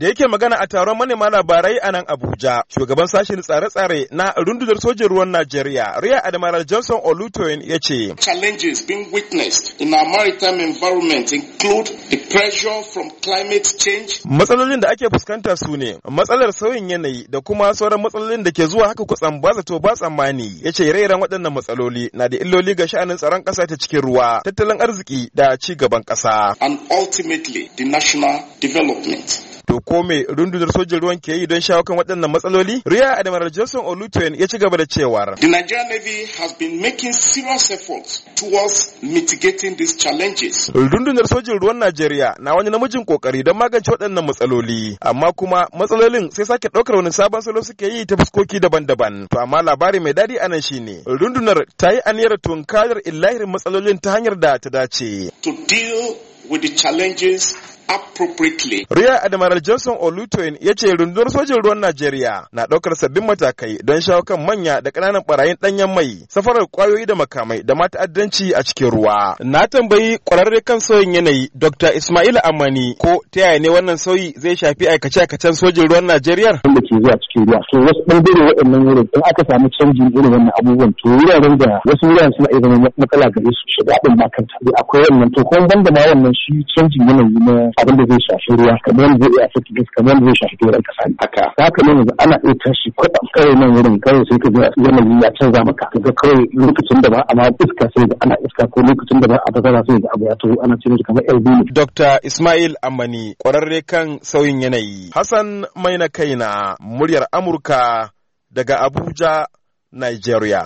Da yake magana a taron manema labarai a nan Abuja, shugaban sashen tsare-tsare na rundunar sojin ruwan Najeriya, Riya Admiral Johnson Olutoyin ya ce, Challenges being witnessed in our maritime environment include the pressure from climate change. Matsalolin da ake fuskanta su ne matsalar sauyin yanayi da kuma sauran matsalolin da ke zuwa haka kutsan ba zato ba tsammani. Ya ce rairan waɗannan matsaloli na da illoli ga sha'anin tsaron ƙasa ta cikin ruwa, tattalin arziki da ci gaban ƙasa. And ultimately the national development. To ko me rundunar sojin ruwan ke yi don shawo kan waɗannan matsaloli? Riya Admiral Johnson Olutoyin ya ci gaba da cewa The Nigerian Navy has been making serious efforts towards mitigating these challenges. Rundunar sojin ruwan Najeriya na wani namijin kokari don magance waɗannan matsaloli, amma kuma matsalolin sai sake ɗaukar wani sabon salo suke yi ta fuskoki daban-daban. To amma labari mai daɗi anan shine rundunar ta yi aniyar tunkarar illahirin matsalolin ta hanyar da ta dace. To deal with the challenges appropriately. Rear Admiral Johnson Olutoyin ya ce rundunar sojin ruwan Najeriya na ɗaukar sabbin matakai don shawo kan manya da ƙananan ɓarayin ɗanyen mai, safarar ƙwayoyi da makamai da ma ta'addanci a cikin ruwa. Na tambayi ƙwararre kan sauyin yanayi Dr. Ismail Amani ko ta yaya ne wannan sauyi zai shafi aikace-aikacen sojin ruwan Najeriya? Wanda ke zuwa cikin ruwa, to wasu ɓangare waɗannan wurin in aka samu canjin irin wannan abubuwan to wuraren da wasu wuraren suna iya zama matsala gare su shiga ɗin ma Akwai wannan to kuma banda ma wannan shi canjin yanayi na abin da zai shafi ruwa kamar zai iya fita gas kamar zai shafi doron kasa ne haka za ka nuna ana iya tashi kwaɗan kawai nan wurin kawai sai ka ga yanayi ya canza maka ka ga kawai lokacin da ba a ma iska sai da ana iska ko lokacin da ba a bazara sai da abu ya taho ana cin kamar LB Dr. Ismail Amani kwararre kan sauyin yanayi Hassan Maina Kaina muryar Amurka daga Abuja Nigeria